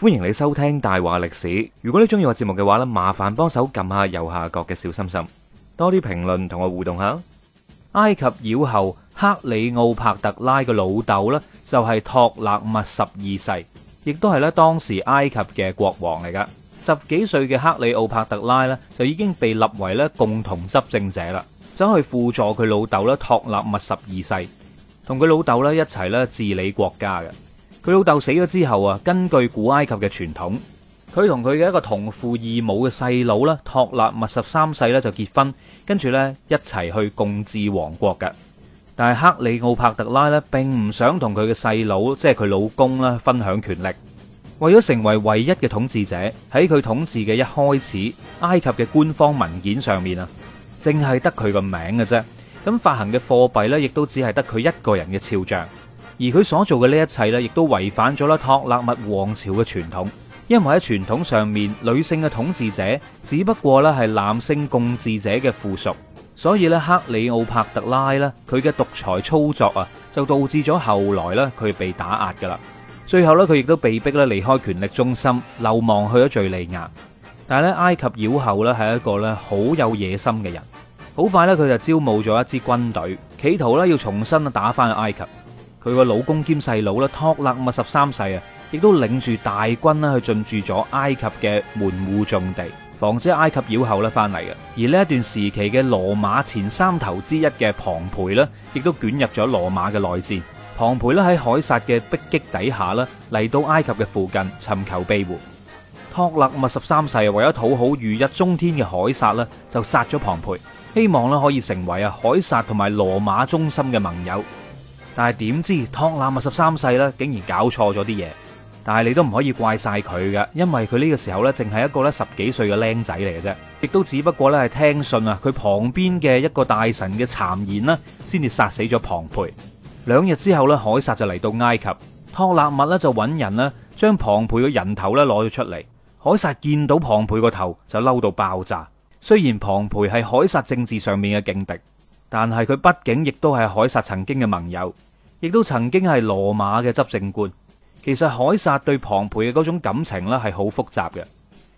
歡迎你收聽大話歷史。如果你中意我節目嘅話呢，麻煩幫手撳下右下角嘅小心心，多啲評論同我互動下。埃及妖后克里奧帕特拉嘅老豆呢，就係托勒密十二世，亦都係咧當時埃及嘅國王嚟噶。十幾歲嘅克里奧帕特拉呢，就已經被立為咧共同執政者啦，想去輔助佢老豆咧托勒密十二世，同佢老豆咧一齊咧治理國家嘅。佢老豆死咗之後啊，根據古埃及嘅傳統，佢同佢嘅一個同父異母嘅細佬啦托勒密十三世咧就結婚，跟住咧一齊去共治王國嘅。但係克里奧帕特拉咧並唔想同佢嘅細佬即係佢老公啦分享權力，為咗成為唯一嘅統治者，喺佢統治嘅一開始，埃及嘅官方文件上面啊，淨係得佢個名嘅啫。咁發行嘅貨幣呢，亦都只係得佢一個人嘅肖像。而佢所做嘅呢一切呢，亦都違反咗啦托勒密王朝嘅傳統，因為喺傳統上面，女性嘅統治者只不過咧係男性共治者嘅附屬，所以呢，克里奧帕特拉呢，佢嘅獨裁操作啊，就導致咗後來呢，佢被打壓噶啦，最後呢，佢亦都被逼咧離開權力中心，流亡去咗敘利亞。但係咧埃及妖后呢，係一個呢好有野心嘅人，好快呢，佢就招募咗一支軍隊，企圖呢要重新打返埃及。佢個老公兼細佬啦，托勒密十三世啊，亦都領住大軍啦去進駐咗埃及嘅門戶重地，防止埃及妖后咧翻嚟嘅。而呢一段時期嘅羅馬前三頭之一嘅龐培咧，亦都捲入咗羅馬嘅內戰。龐培咧喺凱撒嘅逼擊底下咧嚟到埃及嘅附近尋求庇護。托勒密十三世為咗討好如日中天嘅凱撒咧，就殺咗龐培，希望咧可以成為啊凱撒同埋羅馬忠心嘅盟友。但係點知托勒密十三世咧，竟然搞錯咗啲嘢。但係你都唔可以怪晒佢嘅，因為佢呢個時候咧，淨係一個咧十幾歲嘅僆仔嚟嘅啫，亦都只不過咧係聽信啊佢旁邊嘅一個大臣嘅讒言啦，先至殺死咗龐培。兩日之後咧，凱撒就嚟到埃及，托勒密咧就揾人咧，將龐培嘅人頭咧攞咗出嚟。凱撒見到龐培個頭就嬲到爆炸。雖然龐培係凱撒政治上面嘅勁敵。但係佢畢竟亦都係凱撒曾經嘅盟友，亦都曾經係羅馬嘅執政官。其實凱撒對龐培嘅嗰種感情呢，係好複雜嘅，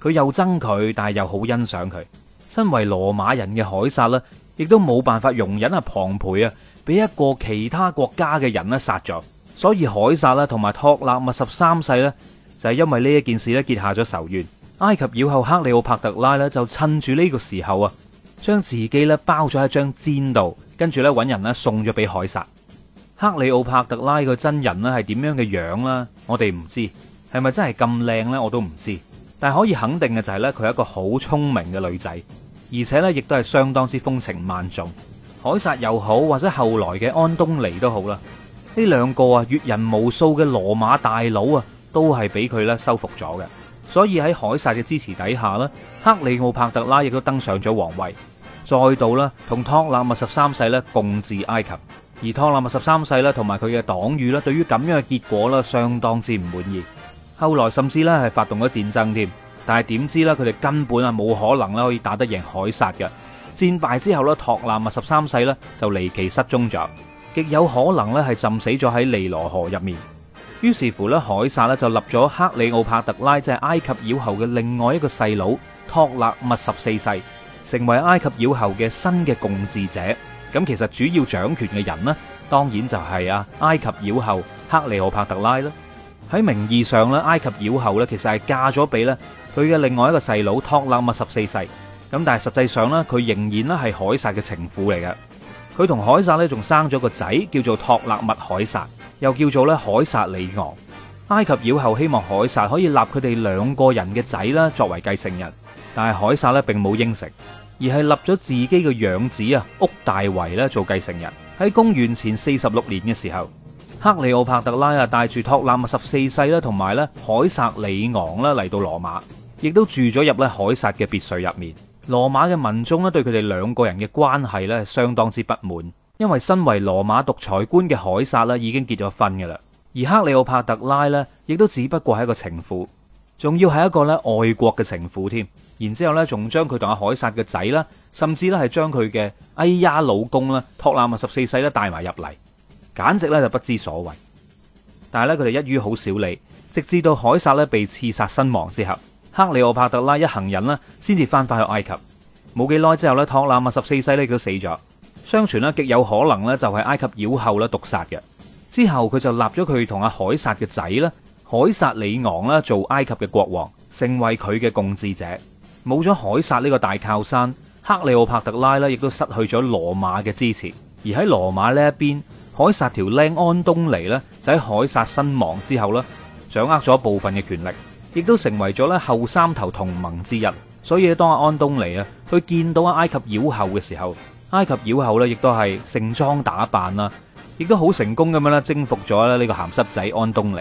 佢又憎佢，但係又好欣賞佢。身為羅馬人嘅凱撒呢，亦都冇辦法容忍啊龐培啊，俾一個其他國家嘅人呢殺咗。所以凱撒啦同埋托勒密十三世呢，就係因為呢一件事呢結下咗仇怨。埃及妖后克里奧帕特拉呢，就趁住呢個時候啊。將自己咧包咗喺張氈度，跟住咧搵人咧送咗俾凱撒。克里奧帕特拉個真人咧係點樣嘅樣啦？我哋唔知係咪真係咁靚咧？我都唔知。但係可以肯定嘅就係咧，佢係一個好聰明嘅女仔，而且咧亦都係相當之風情萬種。凱撒又好，或者後來嘅安東尼都好啦，呢兩個啊閱人無數嘅羅馬大佬啊，都係俾佢咧收服咗嘅。所以喺凱撒嘅支持底下咧，克里奧帕特拉亦都登上咗皇位，再度咧同托勒密十三世咧共治埃及。而托勒密十三世咧同埋佢嘅黨羽咧，對於咁樣嘅結果咧，相當之唔滿意。後來甚至咧係發動咗戰爭添，但係點知咧佢哋根本係冇可能咧可以打得贏凱撒嘅。戰敗之後咧，托勒密十三世咧就離奇失蹤咗，極有可能咧係浸死咗喺尼羅河入面。於是乎咧，凱撒咧就立咗克里奧帕特拉，即係埃及妖后嘅另外一個細佬托勒密十四世，成為埃及妖后嘅新嘅共治者。咁其實主要掌權嘅人呢，當然就係啊埃及妖后克里奧帕特拉啦。喺名義上咧，埃及妖后咧其實係嫁咗俾咧佢嘅另外一個細佬托勒密十四世。咁但係實際上咧，佢仍然咧係凱撒嘅情婦嚟嘅。佢同凱撒咧仲生咗個仔，叫做托勒密凱撒，又叫做咧凱撒里昂。埃及妖后希望凱撒可以立佢哋兩個人嘅仔啦作為繼承人，但係凱撒咧並冇應承，而係立咗自己嘅養子啊屋大維咧做繼承人。喺公元前四十六年嘅時候，克里奧帕特拉啊帶住托勒密十四世啦同埋咧凱撒里昂啦嚟到羅馬，亦都住咗入咧凱撒嘅別墅入面。羅馬嘅民眾咧對佢哋兩個人嘅關係咧相當之不滿，因為身為羅馬獨裁官嘅凱撒啦已經結咗婚噶啦，而克里奧帕特拉咧亦都只不過係一個情婦，仲要係一個咧外國嘅情婦添。然之後咧仲將佢同阿凱撒嘅仔啦，甚至咧係將佢嘅哎呀老公啦托勒密十四世咧帶埋入嚟，簡直咧就不知所謂。但係咧佢哋一於好少理，直至到凱撒咧被刺殺身亡之後。克里奧帕特拉一行人咧，先至翻返去埃及。冇幾耐之後咧，托納嘛十四世咧都死咗，相傳咧極有可能咧就係埃及妖后啦毒殺嘅。之後佢就立咗佢同阿凱撒嘅仔啦，凱撒里昂啦做埃及嘅國王，成為佢嘅共治者。冇咗凱撒呢個大靠山，克里奧帕特拉咧亦都失去咗羅馬嘅支持。而喺羅馬呢一邊，凱撒條僆安東尼咧就喺凱撒身亡之後咧，掌握咗部分嘅權力。亦都成為咗咧後三頭同盟之一，所以當阿安東尼啊去見到阿埃及妖后嘅時候，埃及妖后咧亦都係盛裝打扮啦，亦都好成功咁樣啦征服咗咧呢個鹹濕仔安東尼。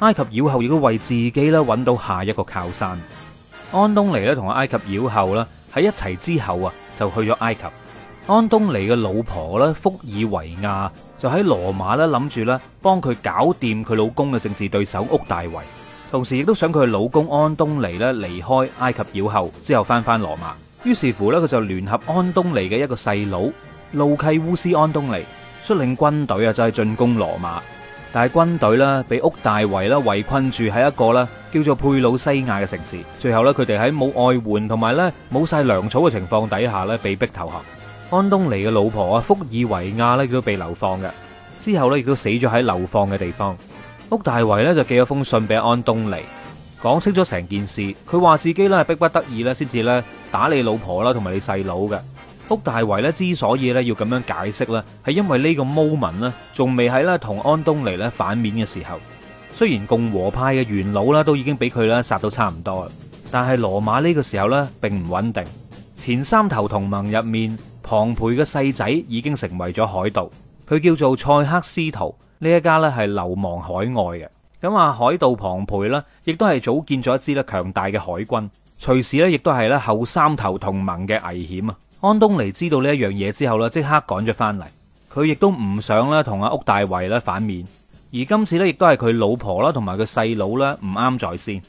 埃及妖后亦都為自己揾到下一個靠山。安東尼咧同阿埃及妖后啦喺一齊之後啊，就去咗埃及。安東尼嘅老婆咧，福爾維亞就喺羅馬咧諗住咧幫佢搞掂佢老公嘅政治對手屋大維。同時亦都想佢老公安東尼咧離開埃及妖后，之後翻返羅馬。於是乎咧，佢就聯合安東尼嘅一個細佬路契烏斯安東尼，率領軍隊啊，就係進攻羅馬。但係軍隊咧被屋大維啦圍困住喺一個咧叫做佩魯西亞嘅城市。最後咧，佢哋喺冇外援同埋咧冇晒糧草嘅情況底下咧，被逼投降。安東尼嘅老婆啊，福爾維亞咧，都被流放嘅，之後咧亦都死咗喺流放嘅地方。屋大維咧就寄咗封信俾安東尼，講清咗成件事。佢話自己咧係逼不得已咧先至咧打你老婆啦，同埋你細佬嘅。屋大維咧之所以咧要咁樣解釋咧，係因為呢個 moment 呢仲未喺咧同安東尼咧反面嘅時候。雖然共和派嘅元老啦都已經俾佢啦殺到差唔多啦，但係羅馬呢個時候咧並唔穩定。前三頭同盟入面，龐培嘅細仔已經成為咗海盜，佢叫做塞克斯圖。呢一家咧係流亡海外嘅，咁啊海盜龐培呢亦都係組建咗一支咧強大嘅海軍，隨時咧亦都係咧後三頭同盟嘅危險啊！安東尼知道呢一樣嘢之後呢即刻趕咗翻嚟，佢亦都唔想咧同阿屋大維咧反面，而今次呢，亦都係佢老婆啦同埋佢細佬啦唔啱在先，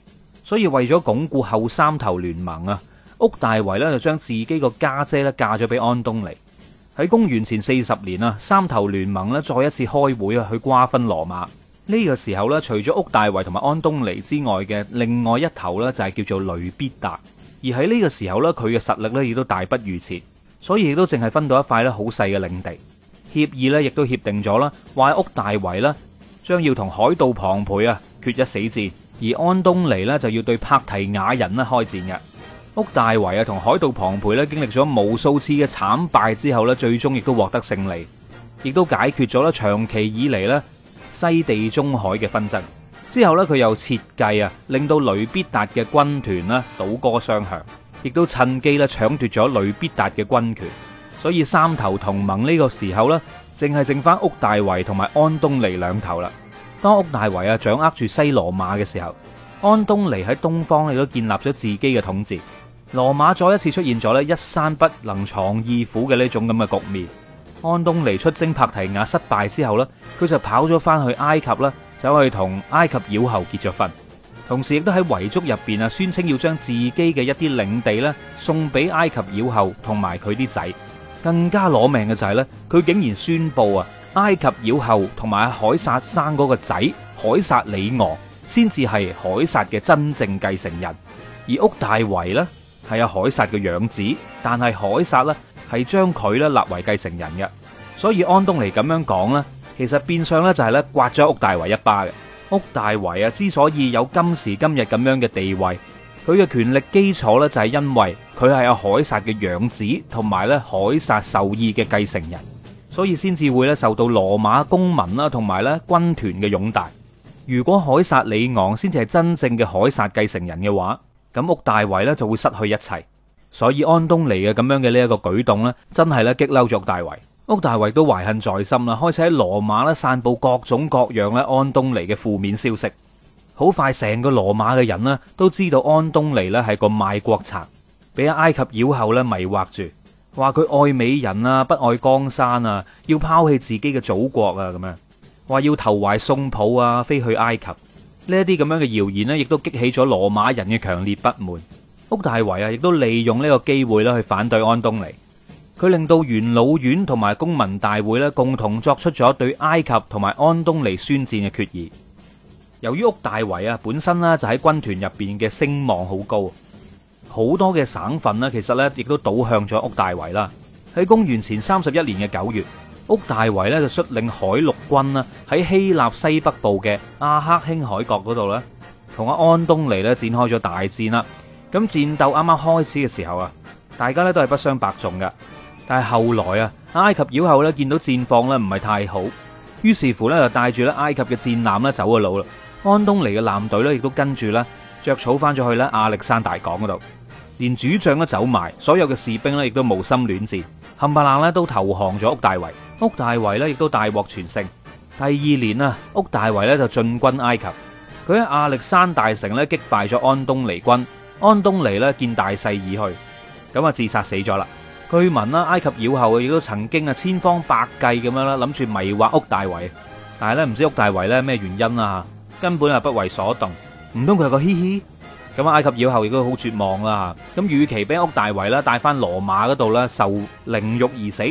所以為咗鞏固後三頭聯盟啊，屋大維咧就將自己個家姐咧嫁咗俾安東尼。喺公元前四十年啊，三頭聯盟咧再一次開會啊，去瓜分羅馬。呢個時候咧，除咗屋大維同埋安東尼之外嘅另外一頭咧，就係叫做雷必達。而喺呢個時候咧，佢嘅實力咧亦都大不如前，所以亦都淨係分到一塊咧好細嘅領地。協議咧亦都協定咗啦，話屋大維啦將要同海盜龐培啊決一死戰，而安東尼咧就要對帕提亞人咧開戰嘅。屋大維啊，同海盜龐培咧，經歷咗無數次嘅慘敗之後咧，最終亦都獲得勝利，亦都解決咗咧長期以嚟咧西地中海嘅紛爭。之後咧，佢又設計啊，令到雷必達嘅軍團啦倒戈相向，亦都趁機咧搶奪咗雷必達嘅軍權。所以三頭同盟呢個時候咧，淨係剩翻屋大維同埋安東尼兩頭啦。當屋大維啊掌握住西羅馬嘅時候。安東尼喺東方亦都建立咗自己嘅統治，羅馬再一次出現咗呢一山不能藏二虎嘅呢種咁嘅局面。安東尼出征帕提亞失敗之後呢，佢就跑咗翻去埃及啦，走去同埃及妖后結咗婚，同時亦都喺遺囑入邊啊宣稱要將自己嘅一啲領地呢送俾埃及妖后同埋佢啲仔。更加攞命嘅就係呢，佢竟然宣佈啊埃及妖后同埋海撒生嗰個仔海撒里俄，先至係凱撒嘅真正繼承人，而屋大維呢，係阿凱撒嘅養子，但係凱撒呢，係將佢咧立為繼承人嘅，所以安東尼咁樣講呢，其實變相呢，就係咧刮咗屋大維一巴嘅。屋大維啊，之所以有今時今日咁樣嘅地位，佢嘅權力基礎呢，就係因為佢係阿凱撒嘅養子，同埋咧凱撒授意嘅繼承人，所以先至會咧受到羅馬公民啦同埋咧軍團嘅擁戴。如果凱撒里昂先至係真正嘅凱撒繼承人嘅話，咁屋大維咧就會失去一切。所以安東尼嘅咁樣嘅呢一個舉動咧，真係咧激嬲咗大維。屋大維都懷恨在心啦，開始喺羅馬咧散布各種各樣咧安東尼嘅負面消息。好快成個羅馬嘅人咧都知道安東尼咧係個賣國賊，俾埃及妖后咧迷惑住，話佢愛美人啊，不愛江山啊，要拋棄自己嘅祖國啊，咁樣。話要投懷送抱啊，飛去埃及呢一啲咁樣嘅謠言呢，亦都激起咗羅馬人嘅強烈不滿。屋大維啊，亦都利用呢個機會咧去反對安東尼。佢令到元老院同埋公民大會咧共同作出咗對埃及同埋安東尼宣戰嘅決議。由於屋大維啊本身呢，就喺軍團入邊嘅聲望好高，好多嘅省份呢，其實呢，亦都倒向咗屋大維啦。喺公元前三十一年嘅九月。屋大維咧就率領海陸軍啦，喺希臘西北部嘅阿克興海角嗰度咧，同阿安東尼咧展開咗大戰啦。咁戰鬥啱啱開始嘅時候啊，大家咧都係不相伯仲噶。但係後來啊，埃及妖后咧見到戰況咧唔係太好，於是乎咧就帶住咧埃及嘅戰艦咧走咗佬啦。安東尼嘅艦隊咧亦都跟住咧着草翻咗去咧亞歷山大港嗰度，連主將都走埋，所有嘅士兵咧亦都無心戀戰，冚唪唥咧都投降咗屋大維。屋大維呢亦都大獲全勝。第二年啊，屋大維呢就進軍埃及。佢喺亞歷山大城咧擊敗咗安東尼軍。安東尼呢見大勢已去，咁啊自殺死咗啦。據聞啦，埃及妖后亦都曾經啊千方百計咁樣啦諗住迷惑屋大維，但係咧唔知屋大維咧咩原因啊？根本啊不為所動。唔通佢係個嘻嘻？咁埃及妖后亦都好絕望啦。咁與其俾屋大維啦帶翻羅馬嗰度啦受凌辱而死。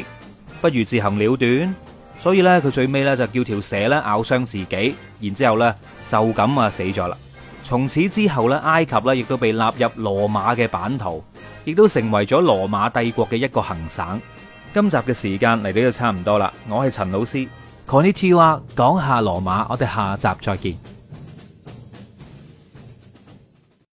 不如自行了斷，所以咧佢最尾咧就叫條蛇咧咬傷自己，然之後咧就咁啊死咗啦。從此之後咧，埃及咧亦都被納入羅馬嘅版圖，亦都成為咗羅馬帝國嘅一個行省。今集嘅時間嚟到就差唔多啦，我係陳老師，wa, 講下羅馬，我哋下集再見。